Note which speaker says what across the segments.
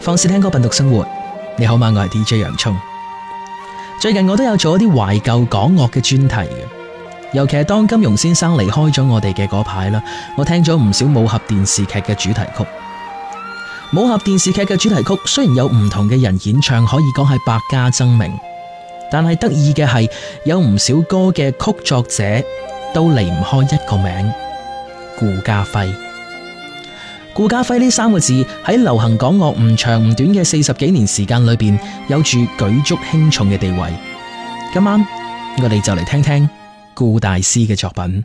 Speaker 1: 放肆聽歌品讀生活，你好嘛？我係 DJ 洋葱。最近我都有做一啲懷舊港樂嘅專題，尤其係當金庸先生離開咗我哋嘅嗰排。我聽咗唔少武俠電視劇嘅主題曲。武俠電視劇嘅主題曲雖然有唔同嘅人演唱，可以講係百家爭鳴，但係得意嘅係有唔少歌嘅曲作者都離唔開一個名——顧嘉輝。顧嘉輝呢三個字喺流行港樂唔長唔短嘅四十幾年時間裏面，有住舉足輕重的地位。今晚我哋就嚟聽聽顧大師的作品。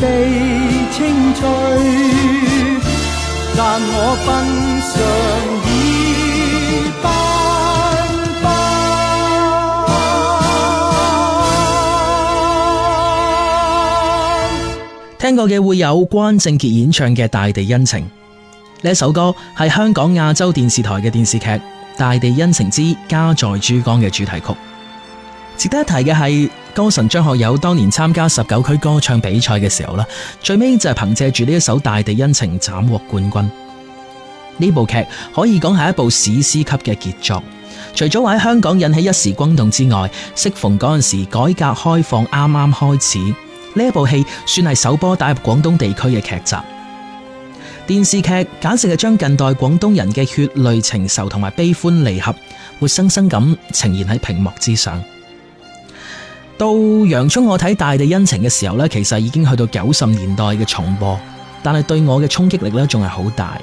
Speaker 2: 地青翠但我分上已斑斑，
Speaker 1: 聽過嘅會有關正傑演唱嘅《大地恩情》，呢一首歌係香港亞洲電視台嘅電視劇《大地恩情之家在珠江》嘅主題曲。值得一提嘅係，歌神張學友當年參加十九區歌唱比賽嘅時候啦，最尾就係憑借住呢一首《大地恩情》斬獲冠軍。呢部劇可以講係一部史詩級嘅傑作，除咗話喺香港引起一時轟動之外，適逢嗰陣時改革開放啱啱開始，呢一部戲算係首波打入廣東地區嘅劇集。電視劇簡直係將近代廣東人嘅血淚情仇同埋悲歡離合，活生生咁呈現喺屏幕之上。到楊春，我睇《大地恩情》嘅時候呢，其實已經去到九十年代嘅重播，但係對我嘅衝擊力呢仲係好大。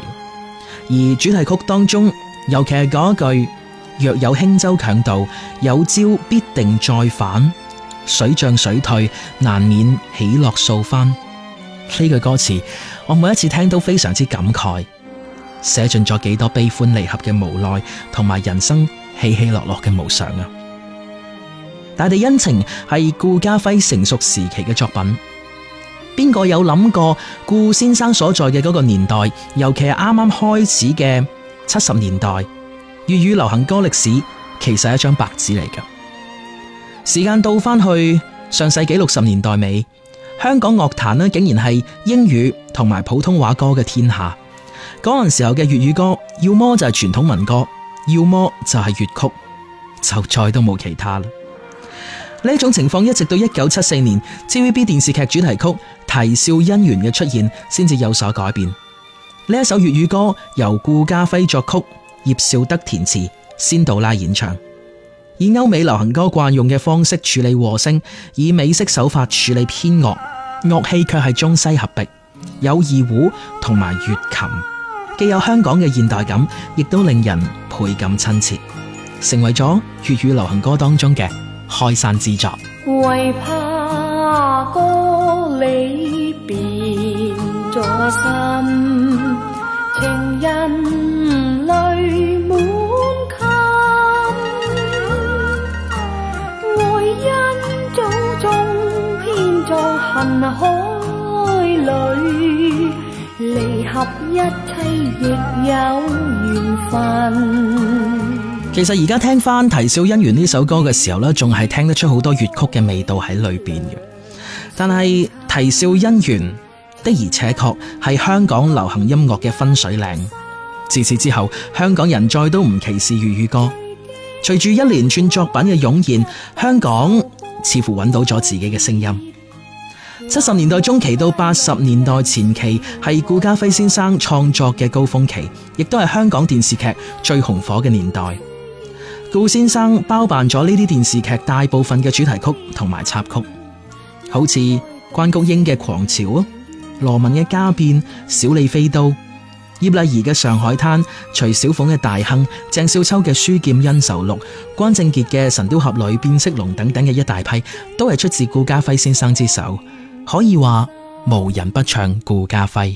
Speaker 1: 而主題曲當中，尤其係嗰句「若有輕舟強渡，有朝必定再返；水漲水退，難免起落數番」，呢句歌詞，我每一次聽都非常之感慨，寫盡咗幾多悲歡離合嘅無奈，同埋人生起起落落嘅無常啊！大地恩情係顧嘉輝成熟時期嘅作品。邊個有諗過顧先生所在嘅嗰個年代，尤其係啱啱開始嘅七十年代粵語流行歌歷史，其實係一張白紙嚟嘅。時間倒翻去上世紀六十年代尾，香港樂壇呢，竟然係英語同埋普通話歌嘅天下。嗰陣時候嘅粵語歌，要麼就係傳統民歌，要麼就係粵曲，就再都冇其他啦。呢一種情況一直到一九七四年 TVB 電視劇主題曲《啼笑姻緣》嘅出現，先至有所改變。呢一首粵語歌由顧嘉輝作曲、葉紹德填詞、仙杜拉演唱，以歐美流行歌慣用嘅方式處理和聲，以美式手法處理編樂，樂器卻係中西合璧，有二胡同埋月琴，既有香港嘅現代感，亦都令人倍感親切，成為咗粵語流行歌當中嘅開山之作。
Speaker 3: 為怕歌裏變咗心，情人淚滿襟。愛因早種偏作恨海裏，離合一切亦有緣分。
Speaker 1: 其實而家聽翻《啼笑姻緣》呢首歌嘅時候呢，仲係聽得出好多粵曲嘅味道喺裏邊嘅。但係《啼笑姻緣》的而且確係香港流行音樂嘅分水嶺。自此之後，香港人再都唔歧視粵語歌。隨住一連串作品嘅湧現，香港似乎搵到咗自己嘅聲音。七十年代中期到八十年代前期，係顧嘉輝先生創作嘅高峰期，亦都係香港電視劇最紅火嘅年代。顧先生包辦咗呢啲電視劇大部分嘅主題曲同埋插曲，好似關菊英嘅《狂潮》、羅文嘅《家變》、小李飛刀、葉麗儀嘅《上海灘》、徐小鳳嘅《大亨》、鄭少秋嘅《書劍恩仇錄》、關正傑嘅《神雕俠侶》、變色龍等等嘅一大批，都係出自顧嘉輝先生之手，可以話無人不唱顧嘉輝。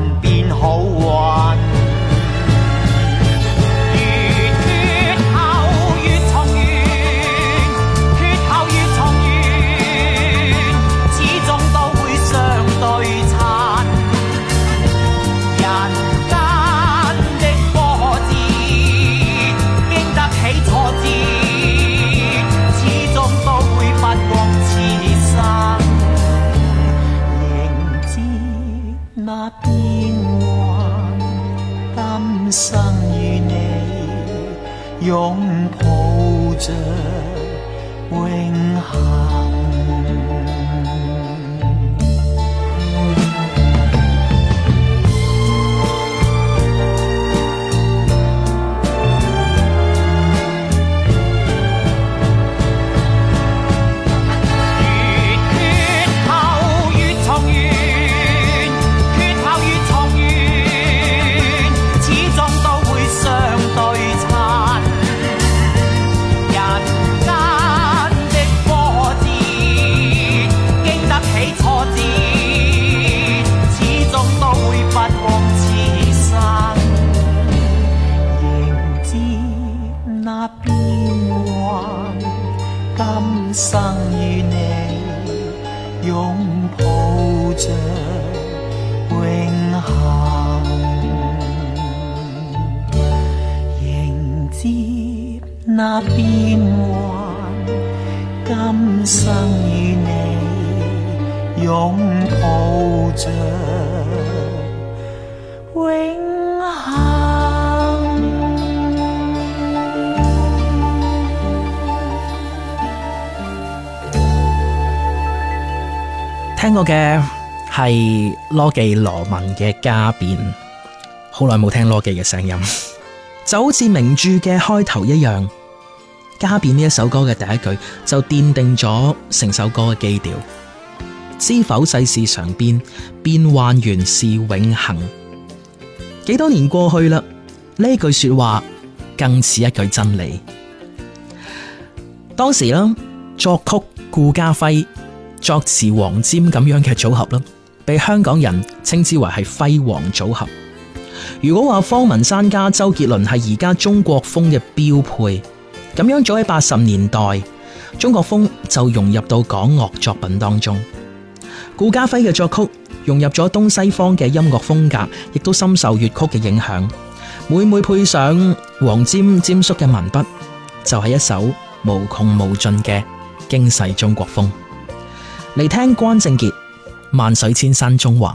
Speaker 3: 人變好啊。擁
Speaker 2: 抱着，永恆。今
Speaker 3: 生與你擁抱著永恆。
Speaker 1: 聽過嘅係羅記羅文嘅加冕，好耐冇聽羅記嘅聲音， 就好似名著嘅開頭一樣。家變呢一首歌嘅第一句就奠定咗成首歌嘅基調。知否世事常變，變幻原是永恆。幾多年過去啦，呢句說話更似一句真理。當時啦，作曲顧嘉輝，作詞黃霑，咁樣嘅組合啦，被香港人稱之為係輝煌組合。如果話方文山加周杰倫係而家中國風嘅標配。咁樣早喺八十年代，中國風就融入到港樂作品當中。顧嘉輝嘅作曲融入咗東西方嘅音樂風格，亦都深受粵曲嘅影響。每每配上黃霑霑叔嘅文筆，就係、是、一首無窮無盡嘅驚世中國風。嚟聽關正傑《萬水千山縱橫》。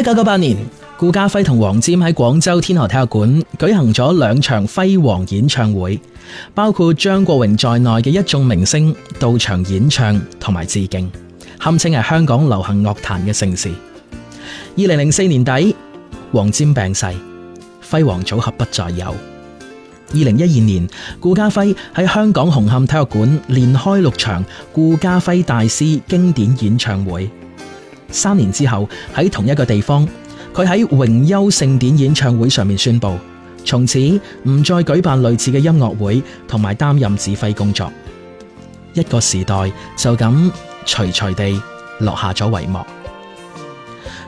Speaker 1: 一九九八年，顧嘉輝同黃霑喺廣州天河體育館舉行咗兩場輝煌演唱會，包括張國榮在內嘅一眾明星到場演唱同埋致敬，堪稱係香港流行樂壇嘅盛事。二零零四年底，黃霑病逝，輝煌組合不再有。二零一二年，顧嘉輝喺香港紅磡體育館連開六場顧嘉輝大師經典演唱會。三年之後喺同一個地方，佢喺榮休盛典演唱會上面宣布，從此唔再舉辦類似嘅音樂會同埋擔任指揮工作。一個時代就咁徐徐地落下咗帷幕。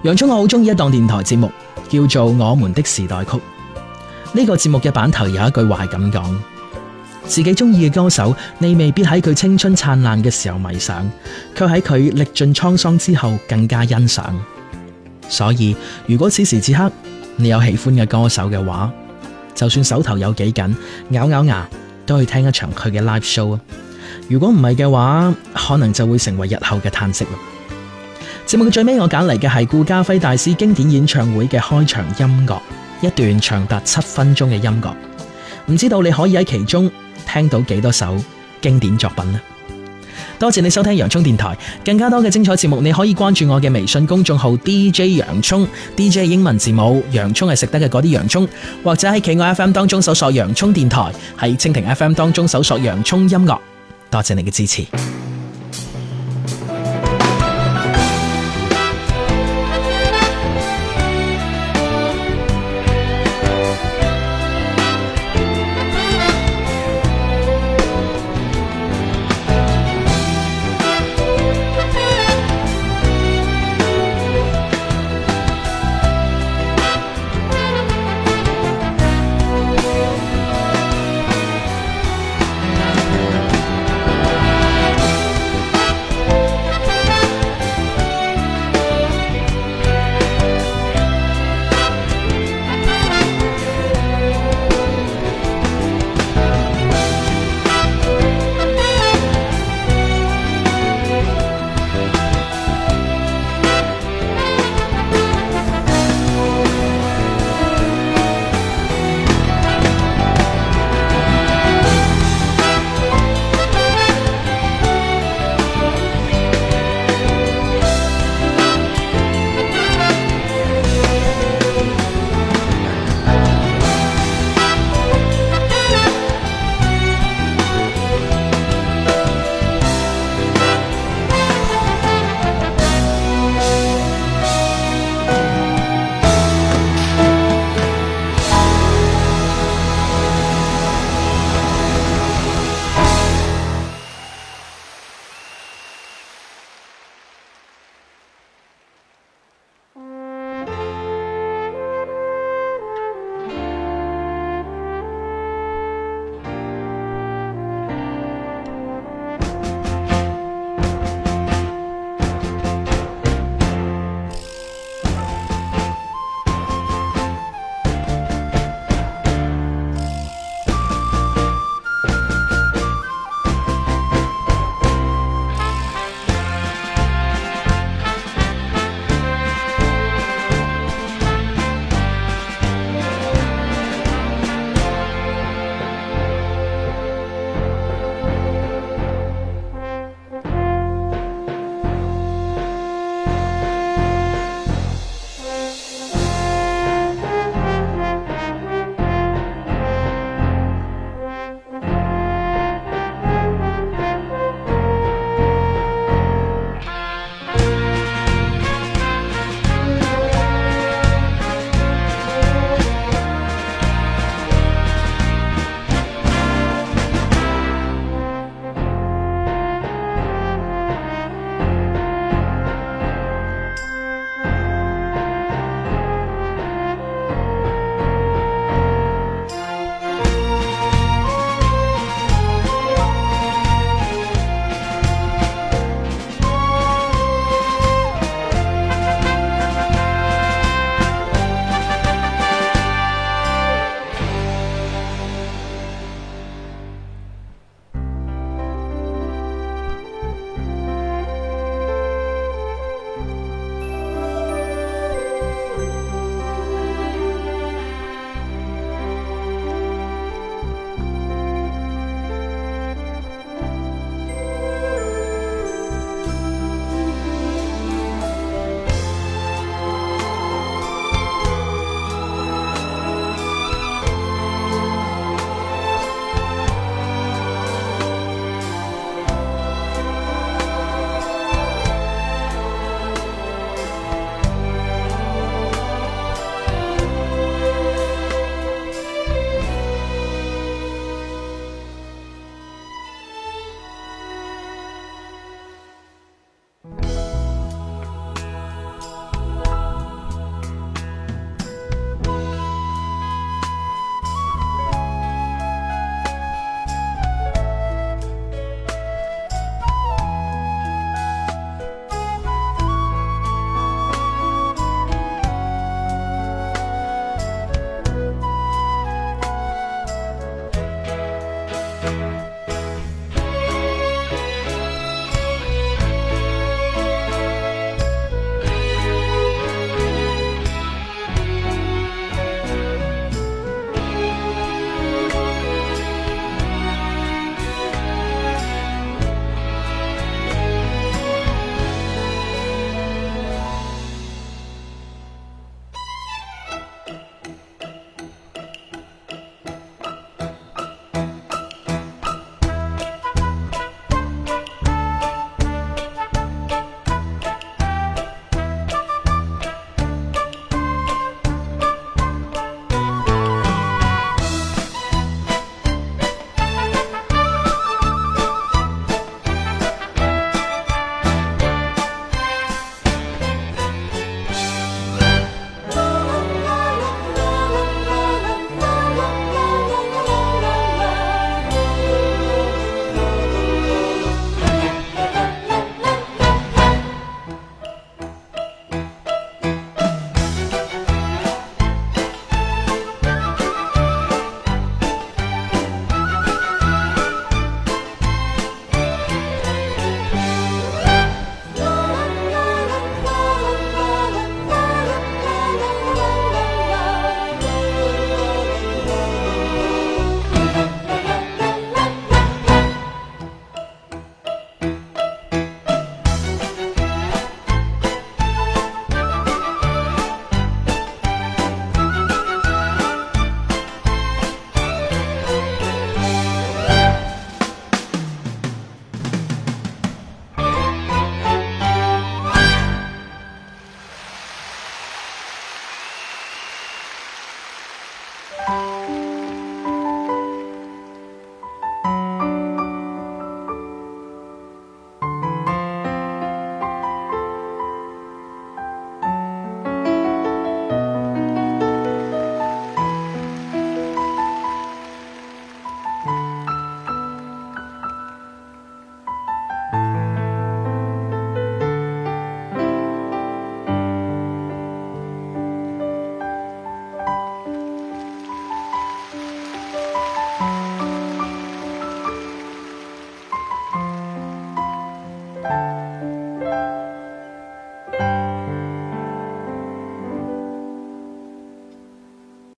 Speaker 1: 楊聰，我好鍾意一檔電台節目，叫做《我們的時代曲》。呢、這個節目嘅版頭有一句話係咁講。自己中意嘅歌手，你未必喺佢青春燦爛嘅時候迷上，卻喺佢歷盡滄桑之後更加欣賞。所以，如果此時此刻你有喜歡嘅歌手嘅話，就算手頭有幾緊，咬咬牙都去聽一場佢嘅 live show。如果唔係嘅話，可能就會成為日後嘅嘆息啦。節目嘅最尾，我揀嚟嘅係顧嘉輝大師經典演唱會嘅開場音樂，一段長達七分鐘嘅音樂。唔知道你可以喺其中聽到幾多首經典作品呢？多謝你收聽洋葱電台，更加多嘅精彩節目你可以關注我嘅微信公眾號 DJ 洋葱 DJ 英文字母洋葱係食得嘅嗰啲洋葱，或者喺企愛 FM 當中搜索洋葱電台，喺蜻蜓 FM 當中搜索洋葱音樂。多謝你嘅支持。